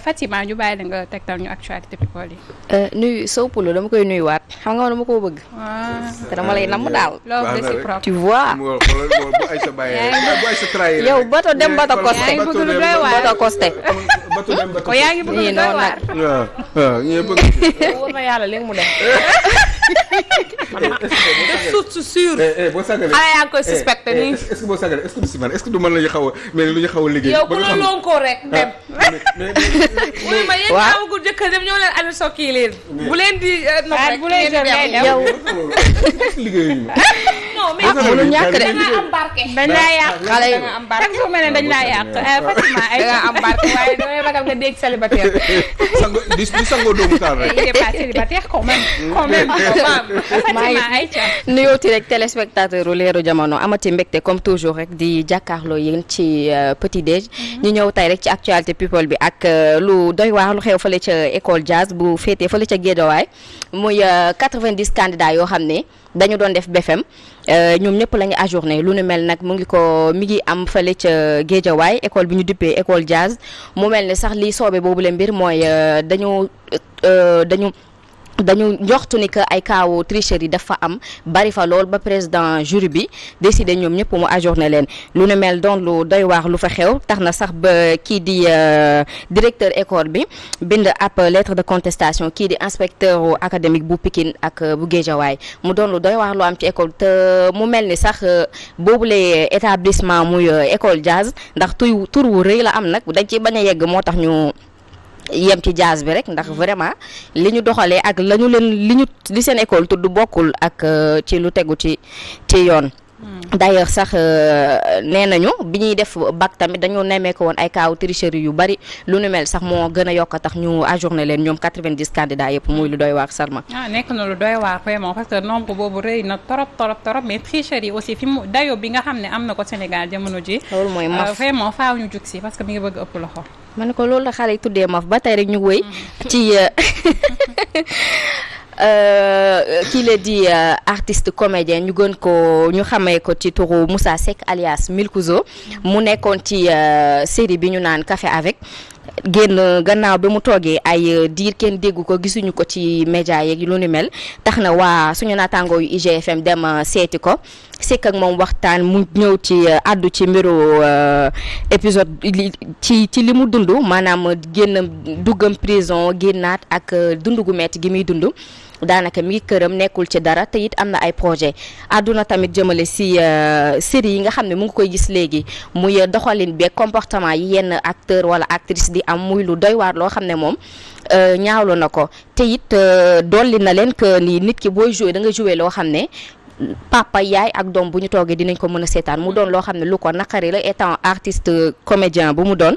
Fatima ñu bàyyi la nga tegtal ñu actualité people yi. nuyu Sow Poulo dama koy nuyuwaat xam nga dama koo bëgg. te dama lay namm daal. loolu réciproque yow bato dem bato costé. yaa ngi bëgg lu doy waar bato costé. bato yàlla léegi mu dem. Eh, source sûre. Eh, eh, boo sàggalee xale yaa ngi koy suspecté nii. est ce que boo sàggalee est ce que du si man est ce que du mën la ñu xaw a mais lu ñu xaw a liggéey. yow ku la lonkoo rek ah, dem. mais ma yéen amagul jëkkër dem ñoo leen andi sokki leen. bu leen di nopp ah, rek bu leen di dem yow. liggéeyuñu non mais lu ñàkk de dañ laa yàq xale yi danga am barke chaque jour mel ne dañ laa yàq Fatima ay danga am barke waaye damay ragal nga dégg célibataire sango rek mm. téléspectateur u leeru jamono amati mbégte comme toujours rek di jàkkaarloo yi ci euh, petit déj mm-hmm. ñu ñëw tey rek ci actualité people bi ak euh, lu doy waar lu xew fële ca école jazz bu féetee fële ca Guédiawaye muy 90 euh, candidats yoo xam ni dañu doon def BFM Euh, ñoom ñëpp la ñu lu nu mel nag mu ngi ko mi ngi am fa ca Géejawaay école bi ñu duppee école jazz mu mel ni sax liy soobe boobu la mbir mooy euh, dañu euh, dañu dañu njoxtu ni que ay kaawu yi dafa am bari fa lool ba président jury bi décidé ñoom ñëpp mu ajourné leen lu ne mel doon lu doy waar lu fa xew tax na sax ba kii di euh, directeur école bi bind ab lettre de contestation kii di inspecteur academique bu pikin ak euh, bu Géejawaay mu doon lu doy waar lu am ci école te mu mel ni sax euh, boobu boobule établissement muy école jazz ndax tuy tur wu rëy la am nag dañ ci bañ a yegg moo tax ñu yem ci jaas bi rek ndax vraiment li ñu doxalee ak la ñu leen li ñu li seen école tudd bokkul ak euh, ci lu tegu ci ci yoon. Hmm. d'ailleurs sax euh, nee nañu bi ñuy def bac tamit dañoo nemmee woon ay kaaw tricherie yu bari lu nu mel sax moo gën a yokk a tax ñu ajourné leen ñoom 90 candidats yëpp muy lu doy waar Salma. ah nekk na lu doy waar vraiment parce que nombre boobu rëy na trop trop trop mais tricherie aussi fi mu dayoo bi nga xam ne am na ko Sénégal jamono ji. loolu mooy euh, vraiment faaw ñu jug si parce que mi bëgg ëpp loxo. ma ne ko loolu la xale yi tuddee maf ba tey ñu woy mm-hmm. ci euh, euh, kii la di euh, artiste comédien ñu gën ko ñu xamee ko ci turu Moussa Seck alias Milkouzo mm-hmm. mu nekkoon ci série bi ñu naan Café avec génn gannaaw bi mu toogee ay euh, diir kenn déggu ko gisuñu ko ci média yeeg lu ni mel tax na waa suñu naataangoo yu IGFM dem euh, seeti ko sekk ak moom waxtaan mu ñëw ci àddu euh, ci mbiru épisode ci ci li mu dund maanaam génn duggam prison génnaat ak dund gu metti gi muy dund daanaka mi ngi këram nekkul ci dara te it am na ay projet adduna tamit jëmale si euh, série yi nga xam ne mu ngi koy gis léegi muy doxalin beeg comportement yi yenn acteur wala actrice di am muy lu doy waar loo xam ne moom euh, ñaawlu na ko te it euh, dolli na leen que nit ki booy joué da nga joué loo xam ne papa yaay ak doom bu ñu toogee dinañ ko mën a seetaan mu doon loo xam ne lu ko naqari la étant artiste comédien bu mu doon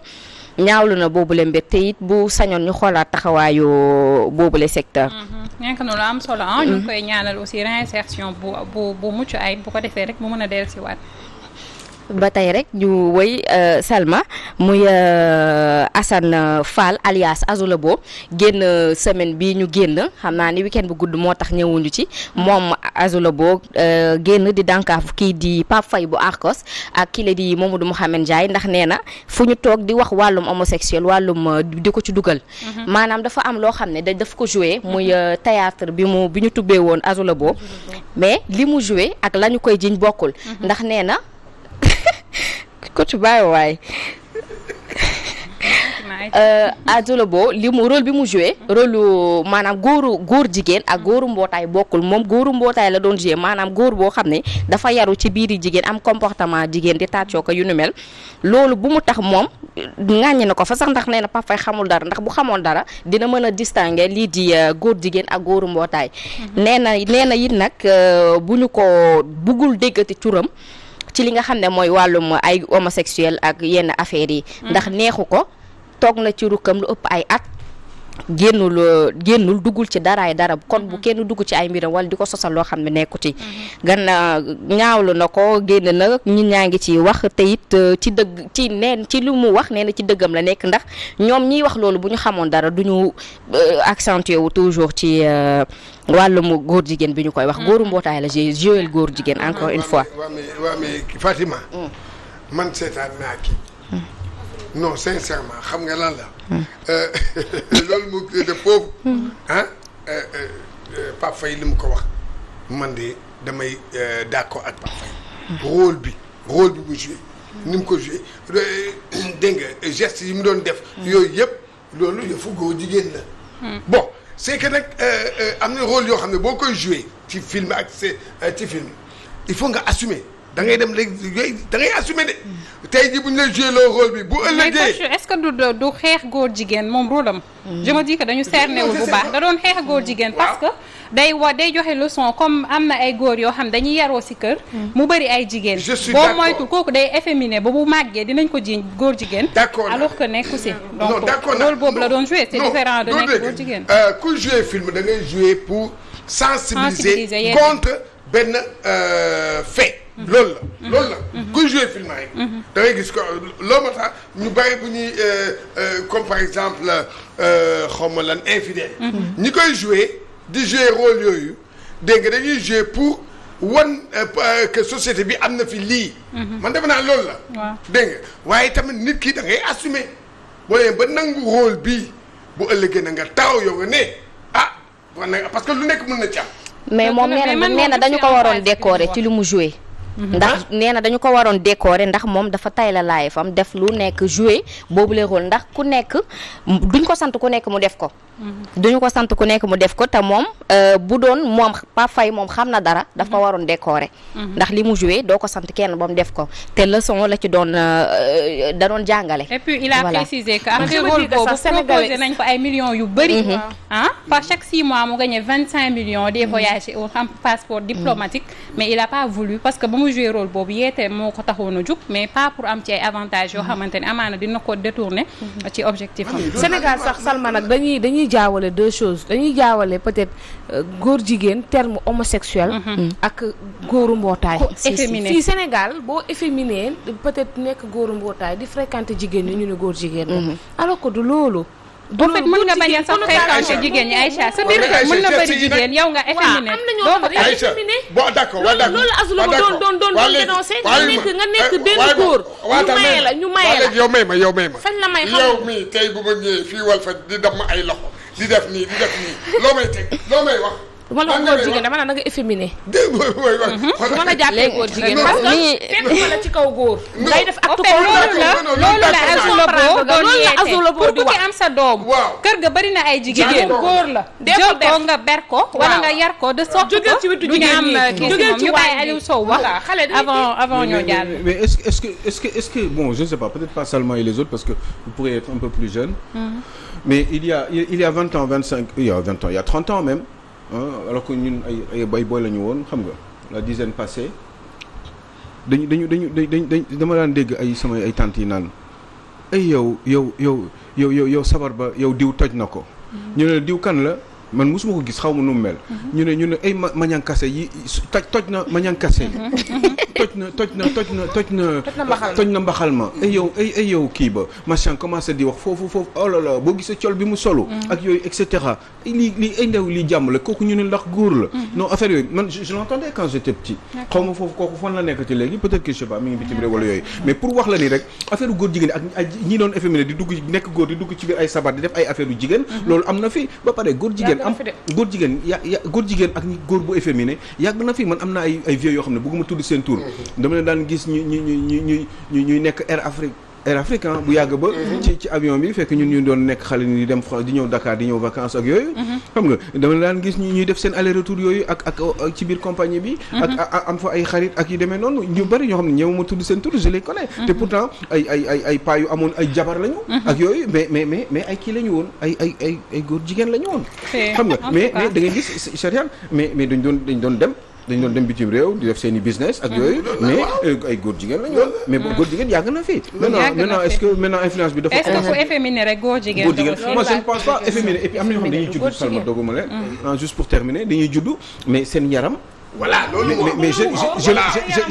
ñaawlu na boobule mbir te it bu sañoon ñu xoolaat taxawaayu boobule secteur. Mm-hmm. nekk na lu am solo ah. Mm-hmm. ñu koy ñaanal aussi réinsertion bu bu bu mucc ay bu ko defee rek mu mën a dellusiwaat. ba tey rek ñu wëy euh, Salma muy euh, Assane euh, Fall alias Azoula Bo génn semaine bi ñu génn xam naa ni weekend bu gudd moo tax ñëwuñu ci moom Azoula Bo génn di dànkaaf kii di Pape fay bu Arcos ak kii moom di duma Mouhamed Ndiaye ndax nee na fu ñu toog di wax wàllum homosexuel wàllum di ko ci dugal mhm. maanaam dafa am loo xam ne da daf ko joué muy théâtre bi mu bi ñu tubbee woon Azoula Bo mhm. mais li mu joué ak lañu koy jiñ bokkul mhm. ndax nee na coach bàyyi waay. Adja euh, bo li mu rôle bi mu joué rôle maanaam góor góor jigéen ak góoru mbootaay bokkul moom góoru mbootaay la doon joué maanaam góor boo xam ne dafa yaru ci biiri jigéen am comportement jigéen di tàccoo ko yu nu mel loolu bu mu tax moom ŋàññi na ko fa sax ndax nee na Pape Faye xamul dara ndax bu xamoon dara dina mën a distinguer lii di euh, góor jigéen ak góoru mbootaay mhm. nee na nee na it nag euh, bu ñu ko buggul déggati turam ci li nga xam ne mooy wàllum ay homosexuel ak yenn affaires yi. Mm. ndax neexu ko toog na ci rukkam lu ëpp ay at. génnul euh, génnul duggul ci daraay dara kon bu mm-hmm. kenn dugg ci ay mbiram wala di ko sosal loo xam ne nekku ci mm-hmm. gan ñaawlu na ko génn na ñi ñaa ngi ci wax te it euh, ci dëgg ci neen ci li mu wax nee ci dëggam la nekk ndax ñoom ñiy wax loolu bu ñu xamoon dara duñu ñu euh, accentué wu toujours ci wàllum góor jigéen bi ñu koy wax góoru mm-hmm. mbootaay la jël góor jigéen encore une fois waa mais mm. mm. xam nga Euh, loolu mu def foofu ah euh, euh, Pape Faye li mu ko wax man de damay d'accord ak Pape Faye rôle bi rôle bi mu joué ni ko joué dégg nga geste yi mu doon def yooyu yëpp loolu yëfu góor jigéen la bon c'est que nag am na rôle yoo xam ne boo ko joué ci film ak ci film il faut nga assumer da ngay dem léegi yooyu da ngay assumer de. tey jii bu ñu la joué loo rôle bi bu ëllëgee. est-ce que du du xeex góor jigéen moom rôle am. je me dis que dañu cerner wul bu baax da doon xeex góor jigéen. parce que day wa day joxe leçon comme am na ay góor yoo xam dañuy yaroo si kër. Mm. mu bëri ay jigéen. je suis d'accord boo moytu kooku day efféminé ba bu màggee dinañ ko jiiñ góor jigéen. d'accord alors que nekku si. donc rôle boobu la doon joué c'est différent de nekk góor jigéen. Euh, ku joué film da ngay joué pour. sensibiliser contre benn euh, fait. loolu la mhm. loolu la mhm. kuy joué film yi mhm. da gis ko loo ma tax ñu bari bu ñuy euh, euh, comme par exemple euh, xaw ma lan infidèle ñi koy joue di joué rôle yooyu dégg nga dañuy joué pour wan que société bi am na fi lii man defe naa loolu la waaw dégg waaye tamit nit kii da ngay assumer boo leen ba nangu rôle bi bu ëllëgee na nga taw yow nga ne ah parce que lu nekk mën na ci mais moom nee na nee na dañu ko waroon décorer ci li mu joué Mhm. ndax nee na dañu ko waroon décorer ndax moom dafa tay la laay fam def lu nekk jouer boobu le ndax ku nekk duñ ko sant ku nekk mu def ko duñu ko sant ku nekk mu def ko te moom euh, bu doon moom Pape Faye moom xam na dara dafa mhm. waroon décorer. Mhm. ndax li mu joué doo ko sant kenn ba mu def ko te leçon la ci doon euh, da doon jàngale. et puis il a précisé que après yu bëri. Mhm. Ah, par chaque 6 mois mu gagné 25 millions. des voyages passeport diplomatique. mais il a pas voulu parce que ba mu joué rôle boobu yeete moo ko taxoon a jug mais pas pour am ci ay yoo xamante ne amaana dina ko détourner ci objectif am. Sénégal sax Salma nag dañuy dañuy. dañuy jaawale deux choses dañuy jaawale peut-être euh, góor jigéen terme homosexuel mhm. Mhm. ak góoru mbootaay fii Sénégal boo efféminé peut-être nekk góoru mbootaay di fréquenter jigéen ñi ñu ne góor jigéen la mhm. alors du loolu en fait mën nga bañ a sax fréquenter jigéen ñi Aïcha sa biir kër mën na bëri jigéen yow nga efféminé doo ko efféminé bon ñu may ma yow may ma fañ la may yow mii tey bu ma ñëwee fii wal fa di damm ay loxo di def nii di def nii loo may teg loo may wax. du ma la wax góor jigéen dama naan na nga efféminé. dégg nga mooy wax. du mhm. ma la jàppee góor jigéen parce que fekk la ci kaw góor. ngay def acte kon loolu la loolu la azulabo loolu la azulabo pour ku ci am sa doom. waaw kër ga bari na ay jigéen. jigéen góor la. jël ko nga ber ko. wala nga yar ko de sorte que ci witu jigéen ñi kii jógee ci waaye Aliou Sow wax avant avant ñoo jàll. mais est-ce que est-ce que est-ce que bon je ne sais pas peut-être pas Salma et les autres parce que vous pourriez être un peu plus jeune. Mm-hmm. mais il y il y a vingt ans vingt cinq il y a vingt ans il y a trente ans même ah alors ñun ay bay booy la ñu woon xam nga la dizaine passée dañu dañu dañu dañ dañ dama daan dégg ay sama ay tante yi naan ay eh, yow yow yow yow yow yow sabar ba yow diw toj na ko. Mm-hmm. ñu ne diw kan la. man mosuma ko gis xaw ma nu mu mel. Mhm. ñu ne ñu ne ay eh, ma mañankase yi toj toj na mañankase yi. Mhm. toj na toj na toj na toj na. toj na mbaxal ma ay eh, yow ay eh, ay yow kii ba machin di wax foofu foofu oh là là boo gisee col bi mu solo. Mhm. ak yooyu et cetera lii lii ay ndaw jàmm la kooku ñu ne ndax góor la. non affaire yooyu man je je l'entendais quand j'étais petit. xaw ngi bitim réew wala yooyu. mais pour wax la ni rek affaire góor jigéen ak ñi doon efféminé di dugg nekk góor di dugg ci biir ay sabar di jigéen. loolu am na fi ba pare góor jigéen am góor jigéen ya ya góor jigéen ak góor bu efféminé yàgg na fi man am na ay ay yoo xam ne bëgguma tudd seen tur mm-hmm. dama leen daan gis ñu ñu ñu ñu ñuy ñuy nekk Air Afrique Air Afrique bu yàgg ba. Mhm. ci ci avion bi fekk ñun ñu doon nekk xale ni dem di ñëw Dakar di ñëw vacances ak yooyu. Mhm. xam nga dama daan gis ñuy def seen aller retour yooyu ak ak ci biir compagnie bi. Mhm. ak am fa ay xarit ak yu demee noonu ñu bari ñoo xam ne ñëwuma tudd seen tur je les connais. te pourtant ay ay ay ay amoon ay jabar lañu. ak yooyu mais mais mais mais ay kii lañu woon ay ay ay ay góor jigéen lañu woon. Eh, xam nga mais mais da ngay gis Cheikh mais dañ doon dem. dañu doon dem bitim réew di def seen business ak mm-hmm. yooyu mais euh, ay góor jigéen la ñu mais góor jigéen yàgg na fi maintenant maintenant est-ce que maintenant influence bi dafa est-ce que ku efféminé rek góor jigéen góor jigéen moi je ne pense pas efféminé am na ñoo xam dañuy judd salma doguma leen mm-hmm. ah, juste pour terminer dañuy judd mais seen yaram voilà loolu mais mais je je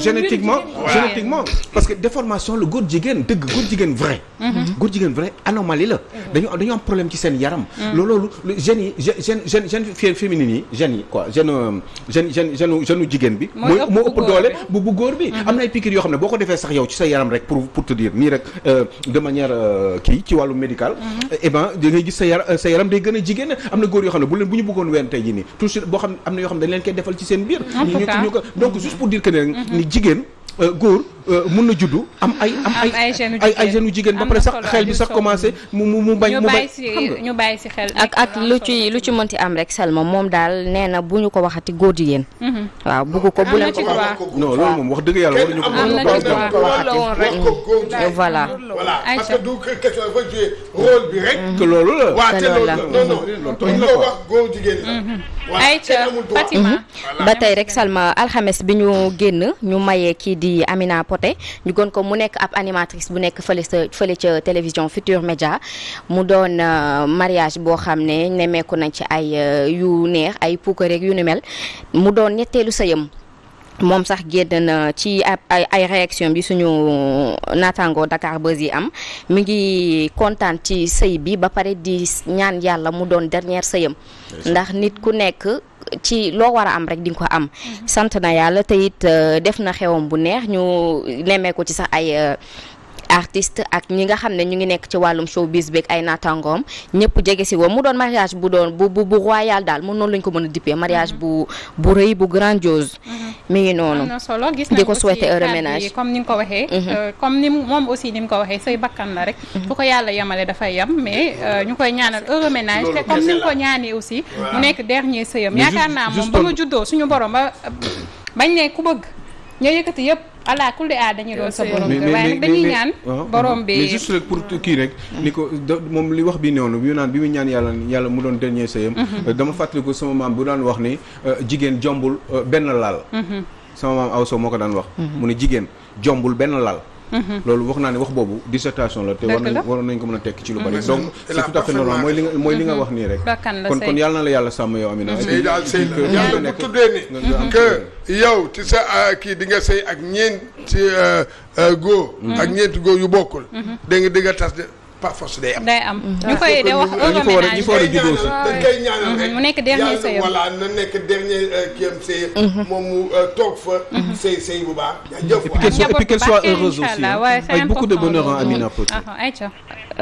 génétiquement génétiquement parce que déformation la góor jigéen dëgg góor jigéen vrai. Mm-hmm. góor jigéen vrai anomalie la. Mm-hmm. dañu am dañu problème ci seen yaram. Mm. loolu loolu gènes yi gène gène gène féminine yi gène yi quoi jigéen bi. mooy moo ëpp doole bu bu bi. Mm-hmm. am na ay piqûres yoo xam ne boo ko defee sax yow ci sa yaram rek pour pour te dire nii rek euh, de manière euh, kii ci wàllu médical. et eh ben gis sa yaram day gën a jigéen am na góor yoo xam ne bu ñu bëggoon ween tey jii nii tout de boo xam am na defal ci seen biir en tout cas donc juste pour dire que ne mm-hmm. ni jigéen euh, góor Euh, mun na juddu am ay am ay ay ay jeunes jigéen ba pare sax xel bi sax commencé mu mu mu bañ mu bañ ñu bàyyi si xel ak ak lu ci lu ci mënti am rek Salma moom daal nee na bu ñu ko waxati góor jigéen mhm. waaw bugg ko bu leen ko non loolu moom wax dëgg yàlla waruñu ko voilà parce que du question dafa jouer mhm. rôle bi rek mhm. que loolu la waaw te loolu la non non ñu ko wax góor jigéen la Aïcha Fatima ba tey rek Salma alxames bi ñu génn ñu mayee kii di Amina Poté ñu gën ko mu nekk ab animatrice bu nekk fële sa ca télévision Futur Média mu doon euh, mariage boo xam ne nemmeeku nañ ci ay euh, yu neex ay puukareeg yu nu mel mu doon ñetteelu sëyam moom sax génn na ci ay ay réaction bi suñu euh, naataango Dakar Buzz yi am mu ngi kontaan ci sëy bi ba pare di ñaan yàlla mu doon dernière sëyam ndax nit ku nekk ci loo war a am rek di ko am. Mm-hmm. sant na yàlla te it euh, def na xewam bu neex ñu nemmee ko ci sax ay. Euh, artiste ak ñi nga xam ne ñu ngi nekk ci wàllum showbiz beeg ay naataangoom ñëpp jege si woon mu doon mariage bu doon bu bu bu royal daal moom noonu lañ ko mën a dippee mariage bu bu rëy bu grandiose. mu mm-hmm. ngi noonu di ko souhaiter heureux ménage comme ni nga ko waxee. Mm-hmm. Euh, comme ni moom aussi ni mu ko waxee say bakkan la rek. Mm-hmm. ko yàlla yemale dafay yem mais euh, ñu koy ñaanal heureux ménage te comme ni nga ko ñaanee aussi. mu nekk dernier sëyam yaakaar naa moom ba mu juddoo suñu borom ba bañ ne ku bëgg. ñoo yëkkati yëpp allah kulli aad dañuy doon sa borom bi waaye dañuy ñaan borom bi kii rek ni ko moom li wax bi noonu bi naan bi muy ñaan yàlla yàlla mu doon dernier sëyam mhm. euh, dama fàttaliku sama maam bu daan wax ni euh, jigéen jombul euh, benn laal mhm. sama maam Aw Sow moo ko daan wax mhm. mu ne jigéen jombul benn laal Mm-hmm. loolu wax naa ne wax boobu dissertation la te war nañ ko mën a tekk ci lu bari mm-hmm. donc c'est tout à fait normal mooy li nga mooy li nga mm-hmm. wax nii rek kon kon yàlla na la yàlla sàmm yow Amina sëy daal sëy la bu tuddee ni yow ci sa euh, kii di nga sëy ak ñeent euh, euh, go ak ñeenti góor yu bokkul da nga di tas de par force day am. day am mm-hmm. ñu de wax euroménage ñu ko war a juddoo si dañ koy ñaanal mm-hmm. dernier sëy voilà na nekk euh, mm-hmm. euh, toog fa. sëy sëy bu baax. jaajëf waay et puis qu'elle soit heureuse aussi. waaye c'est important de bonheur Amina Poté.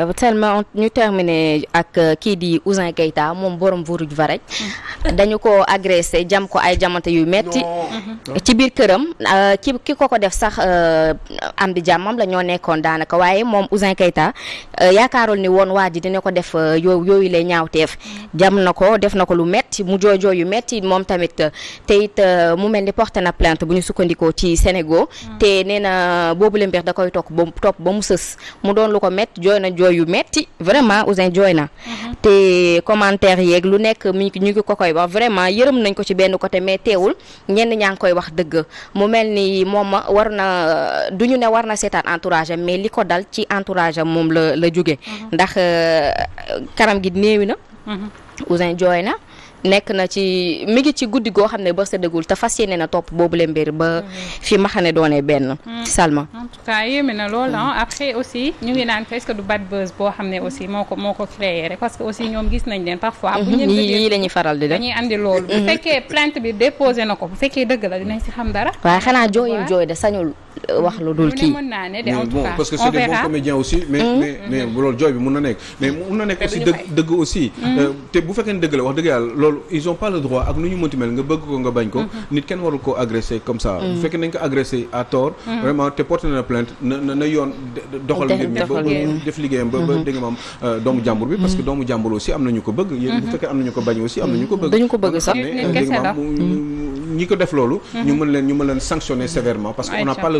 Euh, tellement ñu terminé ak euh, kii di Ouzin Keita moom borom Vuruj Varaj mm. dañu ko agressé jam ko ay jamante yu metti euh, ci biir këram ki ki ko ko def sax am di jàmmam la nekkoon daanaka waaye moom Ouzin Keita yaakaarool ni woon waa ji dina ko def yooyu yooyu lay ñaawteef mm. jam na ko def na ko lu metti mu joojoo yu metti moom tamit te it mu mel ni porté na plainte bu ñu sukkandikoo ci Sénégal mm. te nee boobu le mbir da koy toog ba mu sës mu doon lu ko metti jooy jooy yu metti vraiment Ouzin jooy na. Mhm. te commentaire yeeg lu nekk mi ñu ngi ko koy wax vraiment yërëm nañ ko ci benn côté mais teewul ñenn ñaa ngi koy wax dëgg mu mel ni moom war na du ñu ne war na seetaan entourage am mais li ko dal ci entourage moom la la jóge mhm. ndax euh, karam gi néewi na. Mhm. Ouzin jooy na. nekk na ci mi ngi ci guddi goo xam ne ba séddagul te fas yéene na topp boobu leen mbir ba mm-hmm. fi ma xam benn. Mm. Salma. en tout yéeme na lool mm. après aussi ñu ngi naan est-ce du bad buzz boo xam ne aussi moo ko moo ko créé rek parce aussi ñoom gis nañ leen parfois. Mm-hmm. bu ñu faral di def dañuy andi loolu. Mm-hmm. bu fekkee plainte bi déposé na ko bu fekkee dëgg la dinañ si xam dara. waaw xanaa jooyul jooy de sañul. wax lu dul kii mais bon parce que c'est des bons comédiens aussi mais mais mais loolu jooy bi mun na nekk mais mun na nekk aussi dëgg dëgg aussi euh, te bu fekkee ne dëgg la wax dëgg yàlla loolu ils ont pas le droit ak nu ñu mënti mel nga bëgg ko nga bañ ko nit kenn warul koo agressé comme ça bu fekkee nañ ko agressé à tort vraiment te porté na plainte na na na yoon doxal mbir mi ba def liggéeyam ba ba dégg nga maam euh, doomu jàmbur bi parce que doomu jàmbur aussi am nañu ko bëgg yéen bu fekkee am nañu ko bañ aussi am nañu ko bëgg dañu ko bëgg sax dégg nga maam ñi ko def loolu ñu mën leen ñu mën leen sanctionner sévèrement parce que on n'a pas le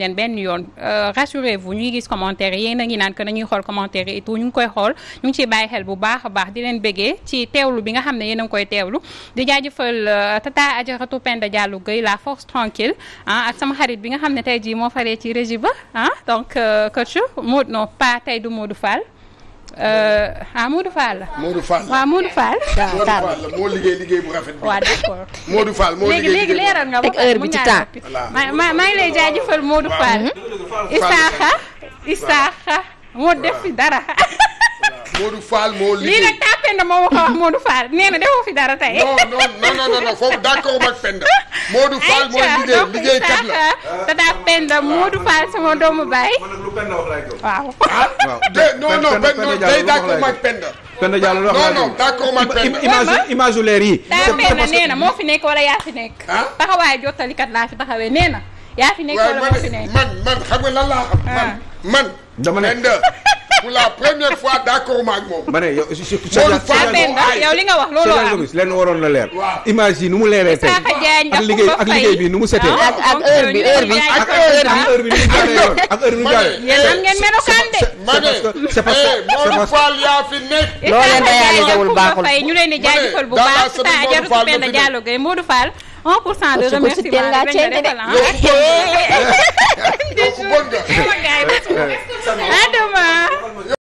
leen benn yoon euh, rassurez-vous ñuy gis commentaire yi yéen a ngi naan que nañuy xool commentaire it et ñu ngi koy xool ñu ngi ciy bàyyi xel bu baax a baax di leen bëggee ci teewlu bi nga xam ne yéen a ngi koy teewlu di jaajëfal euh, tata Adjaratou Penda Diallo Gueye la force tranquille ah ak sama xarit bi nga xam ne tey jii moo faree ci régie ba ah donc euh, coach Modou non pas tey du Modou fal ah euh, Modou Fall la. Modou Fall waaw Modou Fall. waaw Fall moo liggéey liggéey bu rafet bi. waaw d'accord Modou Fall moo liggéey nga ba heure bi ci temps. voilà maa ngi lay jaajëfal Modou Fall. moo def fi dara. Modou Fall moo liggéey lii Penda moo wax wax Modou Fall nee na defoo fi dara tey. non non non non foofu d'accord ak Penda. Modou Fall mooy liggéey liggéey kat la. tata Penda Modou Fall sama doomu baay. man nag lu Penda wax laay gëm. waaw. Ah, day d'accord ak Penda. Penda Diallo wax non non d'accord ak image image leer yi. daa Penda nee moo fi nekk wala yaa fi nekk. Ah? taxawaay jottalikat laa fi taxawee nee na. yaa fi nekk wala moo fi nekk man man xam nga lan laa xam. Ah. man dama ne pour la première fois d'accord ma ak moom. ma ne yow yow li nga wax looloo am lenn waroon la leer. image yi nu mu leeree tey. ak liggéey ak liggéey bi nu mu setee. ak ak heure bi heure bi ak heure bi ak heure bi ak heure bi c'est parce que Modou Fall yaa fi nekk. loolee ndeyale jawul baaxul. ñu leen di jaajëfal bu baax. Modou Fall 1 pour cent de remerciement dañ la defal ah. déedéet déedéet